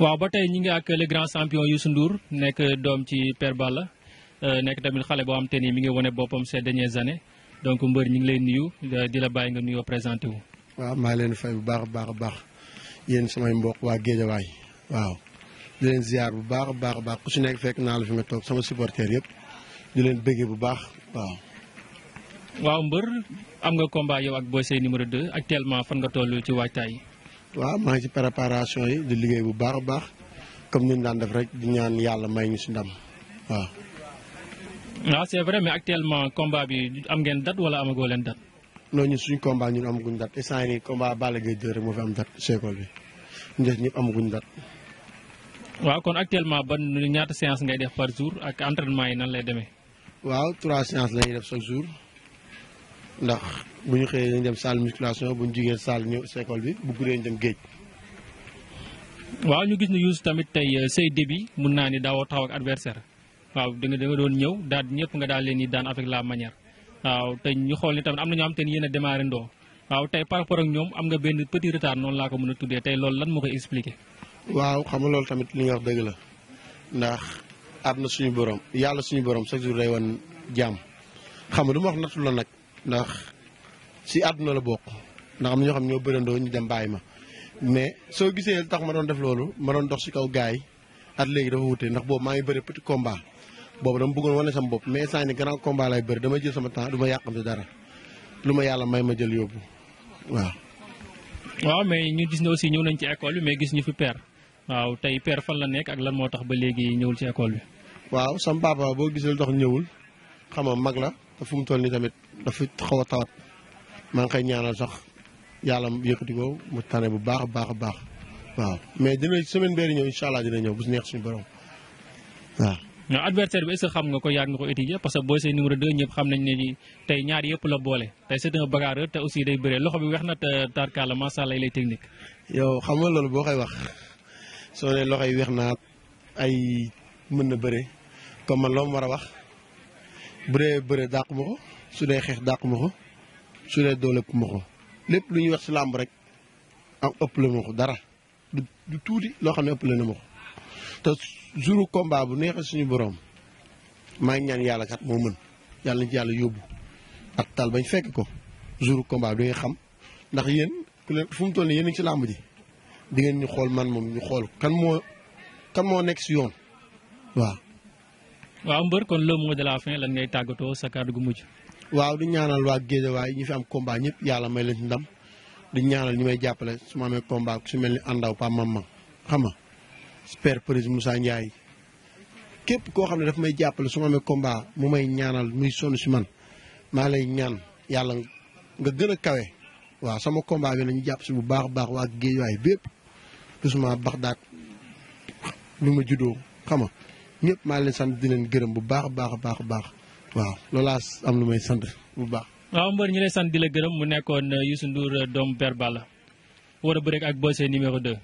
waaw ba tey ñi ngi ak le grand champion Youssou Ndour nek dom ci Père Balla euh, nek tamit xalé bo am te mi ngi woné bopam ces dernières années donc mbeur ñi ngi lay nuyu euh, di la bay nga nuyu présenté wu. waaw ma leen fay bu baax baax baax yeen sama mbokk waa way waaw di leen ziar bu baax baax baax ku ci nek fek na la fi ma tok sama supporter yëpp di leen bëggé bu baax waaw. waaw mbeur am nga combat yow ak bo sey numéro 2 actuellement fan nga tollu ci waajtaay waaw ma ngi ci préparation yi di liggéey bu baax a baax comme ni ñu daan def rek di ñaan yàlla may ñu si ndam waaw. waaw ah, c'est vrai mais actuellement combat bi am ngeen date wala amagoo leen date. non ñun suñu combat ñun amaguñ date instant combat rek moo fi am date seekol bi ñu ñëpp amaguñ date. waaw kon actuellement ban ñaata séance ngay def par jour ak entraînement yi nan lay demee. waaw trois séances la ñuy def chaque jour. ndax bu ñu xëyee dañ dem salle musculation bu ñu jugee salle ñëw bi bu guddee ñu dem géej. waaw ñu gis ne Youssou tamit tey euh, say début mun naa ni daaw taxaw ak adversaire waaw da nga da doon ñëw daal ñëpp nga daal leen di daan avec la manière waaw te ñu xool ni tamit am na ñoo xam te ni yéen a démarré ndoo waaw tey par rapport ak ñoom am nga benn petit retard noonu laa ko mën a tuddee tey loolu lan moo koy expliqué. waaw xam nga loolu tamit li nga wax dëgg la ndax àdduna suñu borom yàlla suñu borom chaque jour day wan jaam xam nga du ma wax nattu nag. ndax si àdduna la bokk ndax am ñoo xam ñoo bërandoo ñu dem bàyyi ma mais soo gisee tax ma doon def loolu ma doon dox si kaw gaay at léegi dafa wute ndax boobu maa ngi bëri petit combat boobu dama bëggoon wane sama bopp mais instant ni grand combat lay bëri dama jël sama temps du ma yàqamte dara lu ma yàlla may ma jël yóbbu waaw. waaw mais ñu gis ne aussi ñëw nañ ci école bi mais gis ñu fi père waaw tey père fan la nekk ak lan moo tax ba léegi ñëwul ci bi. waaw sama papa boo gisee lu ñëwul xam mag la. te fu mu toll nii tamit dafa xaw a tawat maa ngi koy ñaanal sax yàlla yëkkati ko mu tane bu baax a baax a baax waaw mais dina semaine bee di ñëw incha allah dina ñëw bu neex suñu borom waaw. non adversaire bi est-ce que xam nga ko yàgg nga ko étudier parce que Boy Seye numéro 2 ñëpp xam nañ ni tey ñaar yëpp la boole tey c'est un bagarreur te aussi day bëree loxo bi weex na tarkaala macha allah lay technique. yow xam nga loolu boo koy wax soo ne loxo yi weex naa ay mën na bëre comme man loo war a wax. bu dee bëre dàq ma ko su dee xeex dàq ma ko su dee doole ma ko lépp lu ñuy wax si làmb rek am ëppale ma ko dara du tuuti loo xam ne ëppale na ma ko te jouru combat bu neexee suñu boroom maa ñaan yàlla kat moo mën yàlla ci yàlla yóbbu ak tal bañ fekk ko jouru combat bi di xam ndax yéen ku leen fu mu toll nii yéen a ci làmb ji di ngeen ñu xool man moom ñu xool kan moo kan moo nekk si yoon waaw waaw mbër kon le mot de la fin lan ngay tàggatoo sa kàddu gu mujj. waaw di ñaanal waa Guédiawaye ñu fi am combat ñëpp yàlla may leen ndam di ñaanal ñu may jàppale su ma amee combat su mel ni àndaw pa mamma xam nga super prise Ndiaye képp koo xam ne daf may jàppale su ma amee combat mu may ñaanal muy sonn si man maa lay ñaan yàlla nga gën a kawe waaw sama combat bi nañu jàpp si bu baax baax waa Guédiawaye bépp doucement bax daat lu ma juddoo xam ñëpp maa leen sant di leen gërëm bu baax a baax a baax a baax waaw loolaa am lu may sant bu baax. waaw mbër ñu lay sant di la gërëm mu nekkoon Youssou Ndour doomu Père Balla war a bëreek ak Boy Seye numéro 2.